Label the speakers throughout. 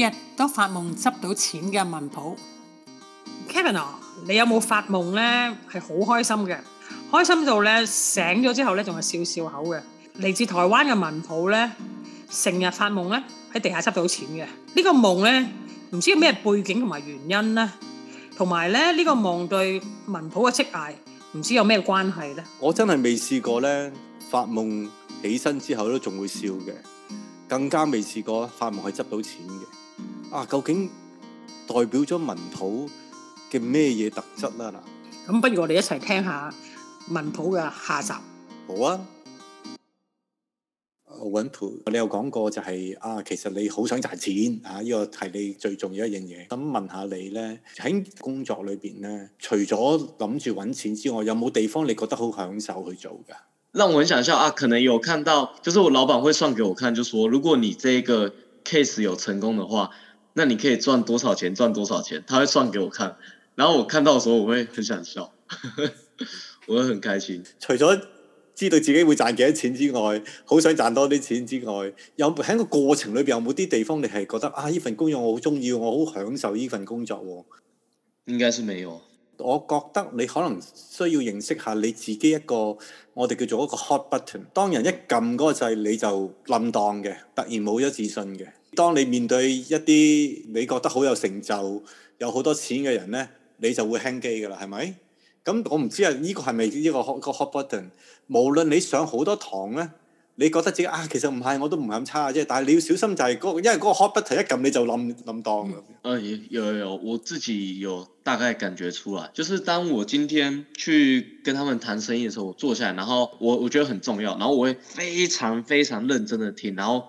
Speaker 1: 每日都發夢執到錢嘅文普，Kevin 啊，你有冇發夢咧？係好開心嘅，開心到咧醒咗之後咧仲係笑笑口嘅。嚟自台灣嘅文普咧，成日發夢咧喺地下執到錢嘅。呢個夢咧唔知咩背景同埋原因咧，同埋咧呢個夢對文普嘅職涯唔知有咩關係咧？
Speaker 2: 我真係未試過咧發夢起身之後都仲會笑嘅，更加未試過發夢係執到錢嘅。啊，究竟代表咗文普嘅咩嘢特質啦？嗱，
Speaker 1: 咁不如我哋一齊聽下文普嘅下集。好
Speaker 2: 啊，文普，你有講過就係、是、啊，其實你好想賺錢啊，呢個係你最重要一樣嘢。咁問下你咧，喺工作裏邊咧，除咗諗住搵錢之外，有冇地方你覺得好享受去做噶？
Speaker 3: 嗱，我經常笑啊，可能有看到，就是我老闆會算給我看，就說如果你呢一個 case 有成功嘅話。那你可以賺多少錢？賺多少錢？他會算給我看，然後我看到的時候，我會很想笑， 我會很開心。除咗知道自己會賺幾多錢之外，好
Speaker 2: 想賺多啲錢之外，有喺個過程裏邊有冇啲地方你係覺得啊？呢份工作我好中意，我好享受呢份工作喎。應該是沒有。我覺得你可能需要認識下你自己一個，我哋叫做一個 hot button。當人一撳嗰個掣，你就冧檔嘅，突然冇咗自信嘅。當你面對一啲你覺得好有成就、有好多錢嘅人咧，你就會輕機噶啦，係咪？咁我唔知啊，呢、這個係咪呢個 hot hot button？無論你上好多堂咧，你覺得自己啊，其實唔係我都唔咁差即係，但係你要小心就係、是、嗰，因為嗰個 hot button 一撳你就諗諗到
Speaker 3: 有有有，我自己有大概感覺出來，就是當我今天去跟他們談生意嘅時候，我坐下來，然後我我覺得很重要，然後我會非常非常認真的聽，然後。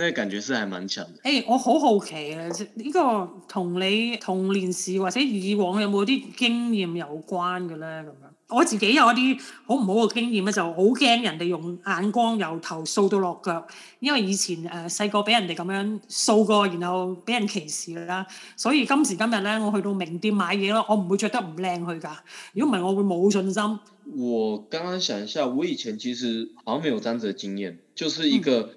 Speaker 3: 那感覺是還蠻強的。誒
Speaker 1: ，hey, 我好好奇啊，呢、這個同你童年時或者以往有冇啲經驗有關嘅呢？咁樣，我自己有一啲好唔好嘅經驗咧，就好驚人哋用眼光由頭掃到落腳，因為以前誒細個俾人哋咁樣掃過，然後俾人歧視啦，所以今時今日呢，我去到名店買嘢咯，我唔會着得唔靚去噶。如果唔係，我會冇信心。
Speaker 3: 我剛剛想一下，我以前其實好像沒有這樣子嘅經驗，就是一個、嗯。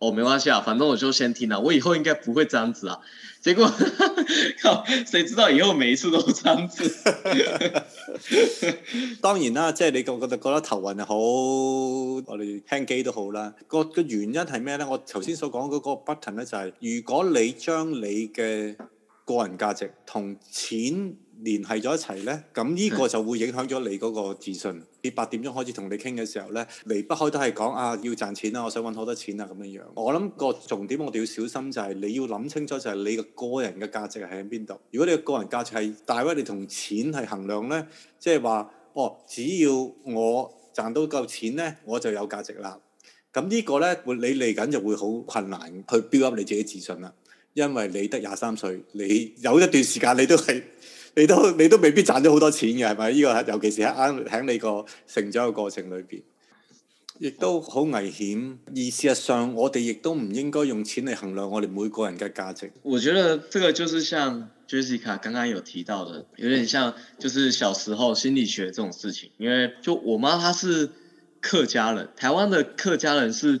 Speaker 3: 哦，沒關係啊，反正我就先聽啦，我以後應該不會這樣子啊。結果，呵呵，靠，誰知道以後每一次都這樣子？ 當然啦，即係你覺覺得覺得頭暈
Speaker 2: 又好，我哋聽機都好啦。個個原因係咩咧？我頭先所講嗰個 button 咧，就是，就係如果你將你嘅個人價值同錢。連係咗一齊呢，咁呢個就會影響咗你嗰個自信。你八點鐘開始同你傾嘅時候呢，離不開都係講啊，要賺錢啊，我想揾好多錢啊咁樣樣。我諗個重點，我哋要小心就係，你要諗清楚就係你嘅個人嘅價值係喺邊度。如果你嘅個人價值係大威你同錢係衡量呢，即係話哦，只要我賺到夠錢呢，我就有價值啦。咁呢個呢，你嚟緊就會好困難去 build up 你自己自信啦，因為你得廿三歲，你有一段時間你都係。你都你都未必賺咗好多錢嘅，係咪？呢、這個尤其是喺喺你個成長嘅過程裏邊，亦都好危險。而事實上，我哋亦都唔應該用錢嚟衡量我哋每個人嘅價值。
Speaker 3: 我覺得這個就是像 Jessica 剛剛有提到的，有點像就是小時候心理學這種事情。因為就我媽，她是客家人，台灣的客家人是。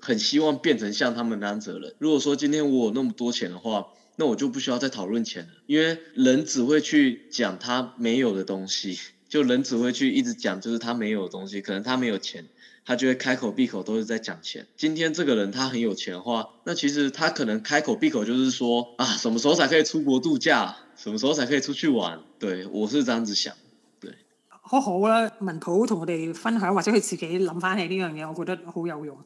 Speaker 3: 很希望變成像他們那樣人。如果說今天我有那麼多錢的話，那我就不需要再討論錢了。因為人只會去講他沒有的東西，就人只會去一直講就是他沒有的東西。可能他沒有錢，他就會開口閉口都是在講錢。今天這個人他很有錢的話，那其實他可能開口閉口就是說啊，什麼時候才可以出國度假？什麼時候才可以出去玩？對我是這樣子想的。對，
Speaker 1: 好好啊。文普同我哋分享，或者佢自己諗翻起呢樣嘢，我覺得好有用。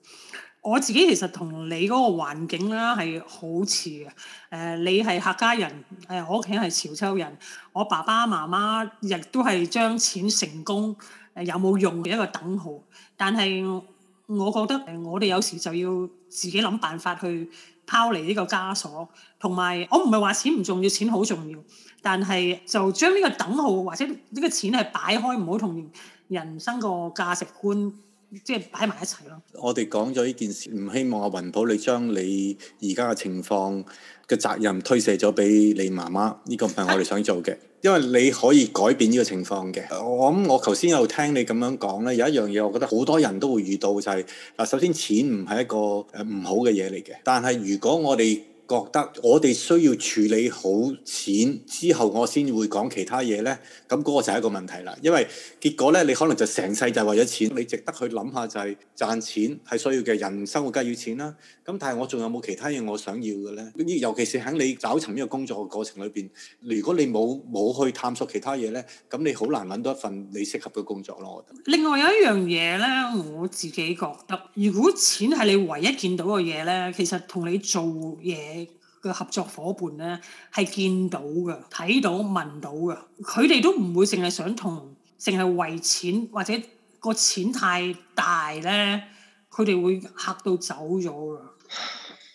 Speaker 1: 我自己其實同你嗰個環境啦，係好似嘅，誒你係客家人，誒我屋企係潮州人，我爸爸媽媽亦都係將錢成功誒有冇用嘅一個等號，但係我覺得誒我哋有時就要自己諗辦法去拋離呢個枷鎖，同埋我唔係話錢唔重要，錢好重要，但係就將呢個等號或者呢個錢係擺開唔好同人生個價值觀。即係擺埋一
Speaker 2: 齊咯。我哋講咗呢件事，唔希望阿文普你將你而家嘅情況嘅責任推卸咗俾你媽媽。呢、呢個唔係我哋想做嘅，啊、因為你可以改變呢個情況嘅。我諗我頭先有聽你咁樣講呢，有一樣嘢，我覺得好多人都會遇到就係、是、嗱，首先錢唔係一個誒唔好嘅嘢嚟嘅，但係如果我哋覺得我哋需要處理好錢之後，我先會講其他嘢呢。咁嗰個就係一個問題啦。因為結果呢，你可能就成世就係為咗錢。你值得去諗下就係賺錢係需要嘅，人生活梗要錢啦。咁但係我仲有冇其他嘢我想要嘅呢？尤其是喺你找尋呢個工作嘅過程裏邊，如果你冇冇去探索其他嘢呢，咁你好難揾到一份你適合嘅工作咯。我覺得
Speaker 1: 另外有一樣嘢呢，我自己覺得，如果錢係你唯一見到嘅嘢呢，其實同你做嘢。嘅合作伙伴咧係見到嘅、睇到、聞到嘅，佢哋都唔會淨係想同，淨係為錢或者個錢太大咧，佢哋會嚇到走咗㗎。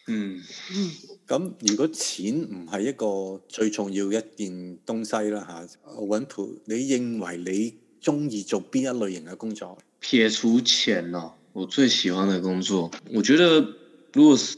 Speaker 1: 嗯。嗯。
Speaker 2: 咁如果錢唔係一個最重要一件東西啦嚇，阿文普，你認為你中
Speaker 3: 意做邊一類型嘅工作？撇除錢啊，我最喜歡嘅工作，我覺得如果是。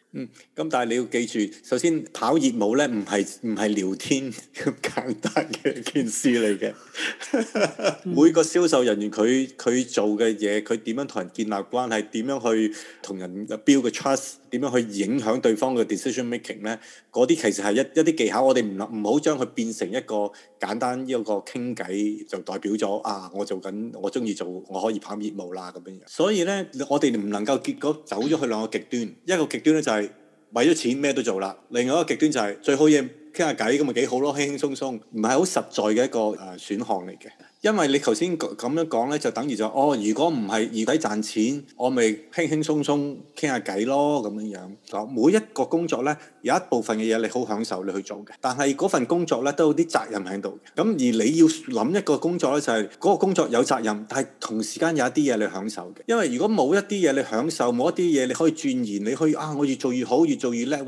Speaker 3: 嗯，咁但係你要
Speaker 2: 記住，首先跑業務咧，唔係唔係聊天咁簡單嘅一件事嚟嘅。 嗯、每個銷售人員佢佢做嘅嘢，佢點樣同人建立關係，點樣去同人 build 個 trust。點樣去影響對方嘅 decision making 呢？嗰啲其實係一一啲技巧，我哋唔唔好將佢變成一個簡單一個傾偈就代表咗啊！我做緊，我中意做，我可以跑業務啦咁樣。所以呢，我哋唔能夠結果走咗去兩個極端，一個極端呢，就係為咗錢咩都做啦，另外一個極端就係最好嘢。傾下偈咁咪幾好咯，輕輕鬆鬆，唔係好實在嘅一個誒、呃、選項嚟嘅。因為你頭先咁樣講呢，就等於就哦，如果唔係而底賺錢，我咪輕輕鬆鬆傾下偈咯咁樣樣。咁每一個工作呢，有一部分嘅嘢你好享受你去做嘅，但係嗰份工作呢都有啲責任喺度嘅。咁而你要諗一個工作呢、就係，就係嗰個工作有責任，但係同時間有一啲嘢你享受嘅。因為如果冇一啲嘢你享受，冇一啲嘢你可以鑽研，你可以啊，我越做越好，越做越叻。例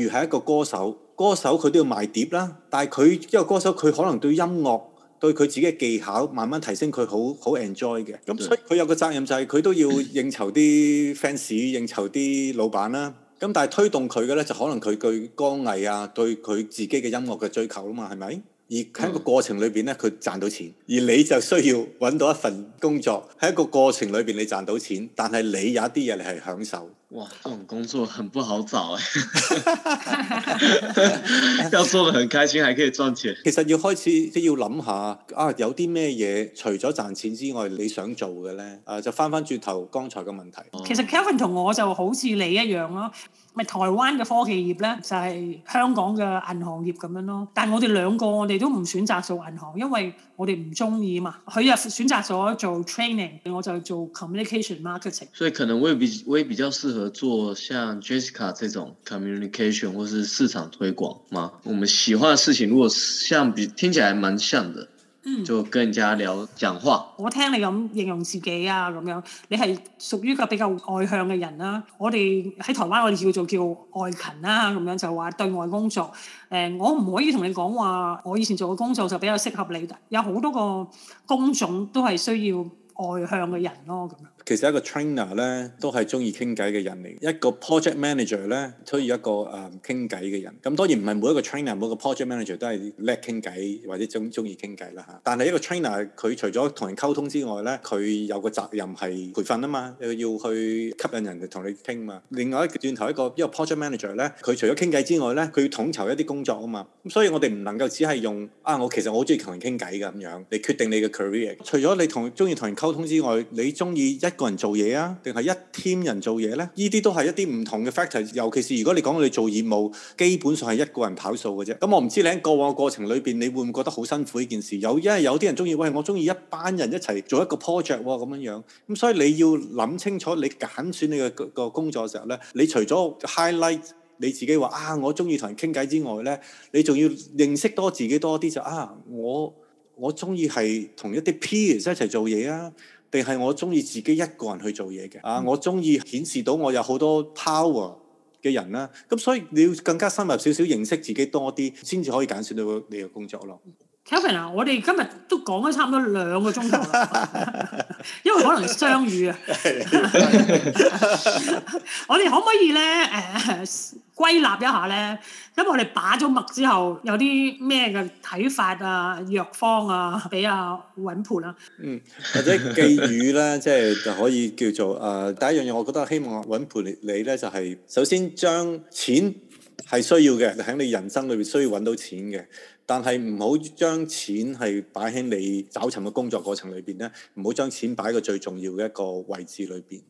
Speaker 2: 如係一個歌手。歌手佢都要賣碟啦，但係佢因為歌手佢可能對音樂，對佢自己嘅技巧慢慢提升，佢好好 enjoy 嘅。咁所以佢有個責任就係佢都要應酬啲 fans，應酬啲老闆啦。咁但係推動佢嘅呢，就可能佢對歌藝啊，對佢自己嘅音樂嘅追求啊嘛，係咪？而喺個過程裏邊呢，佢 賺到錢。而你就需要揾到一份工作喺一個過程裏邊你賺到錢，但係你有一啲嘢你係享受。.
Speaker 3: 哇，這種工作很不好找誒，
Speaker 2: 要做得很開心，還可以賺錢。其實要開始都要諗下，啊，有啲咩嘢除咗賺錢之外，你想做嘅咧？啊，就翻翻轉頭剛才嘅問題。其實
Speaker 1: Kevin 同我就好似你一樣咯，咪台灣嘅科技業咧就係、是、香港嘅銀行業咁樣咯。但係我哋兩個我哋都唔選擇做銀行，因為我哋唔中意嘛。佢又選擇咗做 training，我就做 communication marketing。
Speaker 3: 所以可能我比，我比較適合。做像 Jessica 這種 communication，或是市場推廣嘛。我們喜歡的事情，如果像比聽起來蠻像的，就跟人家聊講話，嗯。
Speaker 1: 我聽你咁形容自己啊，咁樣你係屬於個比較外向嘅人啦，啊。我哋喺台灣，我哋叫做叫外勤啦，啊，咁樣就話對外工作。誒、呃，我唔可以同你講話，我以前做嘅工作就比較適合你。有好多個工種都係需要外向嘅人咯，咁
Speaker 2: 樣。其實一個 trainer 咧都係中意傾偈嘅人嚟，一個 project manager 咧推要一個誒傾偈嘅人。咁當然唔係每一個 trainer、每一個 project manager 都係叻傾偈或者中中意傾偈啦吓。但係一個 trainer 佢除咗同人溝通之外咧，佢有個責任係培訓啊嘛，又要去吸引人哋同你傾嘛。另外一個轉頭一個一個 project manager 咧，佢除咗傾偈之外咧，佢要統籌一啲工作啊嘛。咁所以我哋唔能夠只係用啊我其實我好中意同人傾偈咁樣嚟決定你嘅 career。除咗你同中意同人溝通之外，你中意一一個人做嘢啊，定係一 team 人做嘢呢？呢啲都係一啲唔同嘅 factor。尤其是如果你講你做業務，基本上係一個人跑數嘅啫。咁我唔知你喺過往嘅過程裏邊，你會唔會覺得好辛苦呢件事？有，因為有啲人中意，喂，我中意一班人一齊做一個 project 咁樣樣。咁所以你要諗清楚，你揀選你嘅個工作嘅時候呢，你除咗 highlight 你自己話啊，我中意同人傾偈之外呢，你仲要認識多自己多啲就啊，我我中意係同一啲 peer 一齊做嘢啊。定係我中意自己一個人去做嘢嘅啊？嗯、我中意顯示到我有好多 power 嘅人啦，咁所以你要更加深入少少認識自己多啲，先至可以減少到你嘅工作咯。
Speaker 1: Kevin 啊，我哋今日都講咗差唔多兩個鐘頭啦。 因為可能相遇啊， 我哋可唔可以咧誒、呃、歸納一下咧？因為我哋把咗脈之後，有啲咩嘅睇法啊、藥方啊，俾阿文普啊？嗯，
Speaker 2: 或者寄語咧，即係就是、可以叫做誒、呃、第一樣嘢，我覺得希望文普你咧就係首先將錢係需要嘅，你喺你人生裏邊需要揾到錢嘅。但係唔好將錢係擺喺你找尋嘅工作過程裏邊咧，唔好將錢擺喺個最重要嘅一個位置裏邊。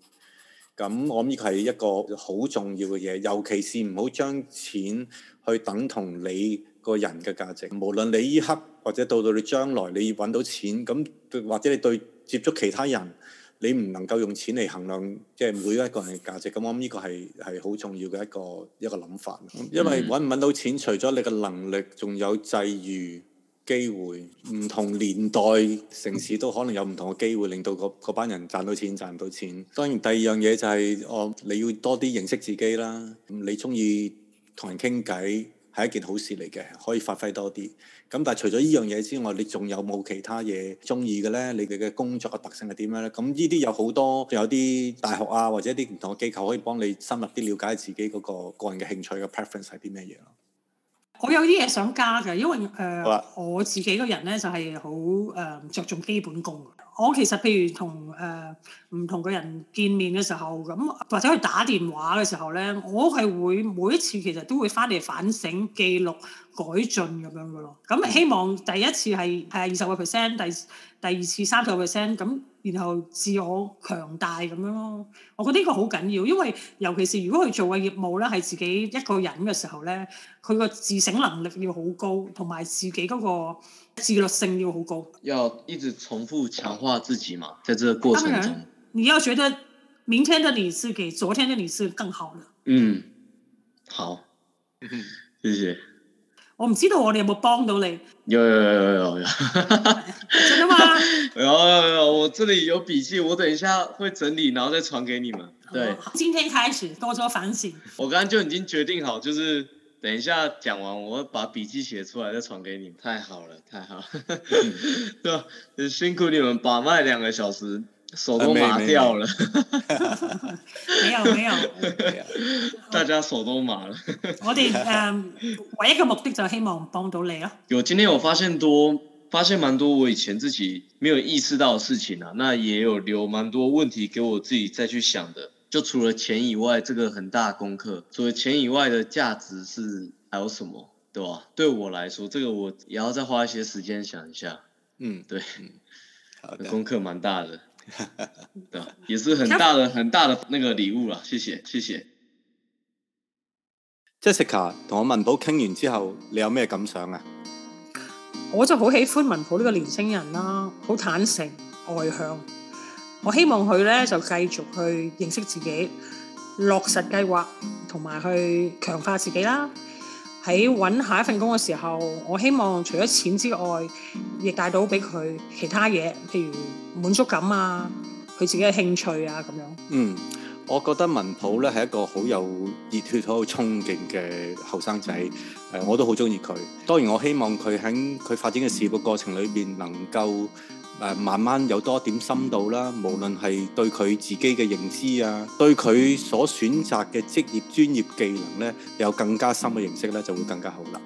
Speaker 2: 咁我呢個係一個好重要嘅嘢，尤其是唔好將錢去等同你個人嘅價值。無論你依刻或者到到你將來，你要揾到錢咁，或者你對接觸其他人。你唔能夠用錢嚟衡量，即係每一個人嘅價值。咁我諗呢個係係好重要嘅一個一個諗法。因為揾唔揾到錢，除咗你嘅能力，仲有際遇、機會。唔同年代、城市都可能有唔同嘅機會，令到嗰班人賺到錢、賺唔到錢。當然，第二樣嘢就係、哦、我你要多啲認識自己啦。你中意同人傾偈。係一件好事嚟嘅，可以發揮多啲。咁但係除咗呢樣嘢之外，你仲有冇其他嘢中意嘅呢？你哋嘅工作嘅特性係點樣呢？咁呢啲有好多，有啲大學啊，或者啲唔同嘅機構可以幫你深入啲了解自己嗰個個人嘅興趣嘅 preference 係啲咩嘢咯。
Speaker 1: 我有啲嘢想加嘅，因為誒了、呃、我自己個人咧就係好誒著重基本功。我其實譬如、呃、同誒唔同嘅人見面嘅時候，咁或者去打電話嘅時候咧，我係會每一次其實都會翻嚟反省、記錄、改進咁樣嘅咯。咁希望第一次係係二十個 percent，第第二次三十個 percent 咁。然後自我強大咁樣咯、哦，我覺得呢個好緊要，因為尤其是如果佢做嘅業務咧係自己一個人嘅時候咧，佢個自省能力要好高，同埋自己嗰個自律性要好高。
Speaker 3: 要一直重複強化自己嘛，嗯、在這個過程中，
Speaker 1: 你要覺得明天的你是比昨天的你是更好
Speaker 3: 了。嗯，
Speaker 1: 好，嗯哼，謝謝。我唔知道我哋有冇幫有到你，
Speaker 3: 有有有有有有。 真的嗎？有有有，我這裏有筆記，我等一下會整理，然後再傳給你們。對，
Speaker 1: 今天開始多做反省。我
Speaker 3: 剛剛就已經決定好，就是等一下講完，我把筆記寫出來再傳給你們。太好了，太好， 嗯、對吧？辛苦你們把麥兩個小時。手都麻掉了，沒有沒有， 大家手都麻了 我。我哋誒，
Speaker 1: 唯一一個目的就希望幫到你啊。
Speaker 3: 哦、有，今天有發現多，發現蠻多我以前自己沒有意識到的事情啦、啊。那也有留蠻多問題給我自己再去想的。就除了錢以外，這個很大功課。除了錢以外的價值是還有什麼？對吧？對我來說，這個我也要再花一些時間想一下。嗯，對，好的，功課蠻大的。 也是很大的、很大的那個禮物啦，謝謝，謝謝。
Speaker 2: Jessica 同我文普傾完之後，你有咩感想啊？
Speaker 1: 我就好喜歡文普呢個年青人啦，好坦誠、外向。我希望佢咧就繼續去認識自己，落實計劃，同埋去強化自己啦。喺揾下一份工嘅時候，我希望除咗錢之外，亦帶到俾佢其他嘢，譬如滿足感啊，佢自己嘅興趣啊咁樣。嗯，
Speaker 2: 我覺得文普咧係一個好有熱血、好有衝勁嘅後生仔，誒，我都好中意佢。當然，我希望佢喺佢發展嘅事業過程裏邊能夠。誒慢慢有多點深度啦，無論係對佢自己嘅認知啊，對佢所選擇嘅職業專業技能呢，有更加深嘅認識呢，就會更加好啦。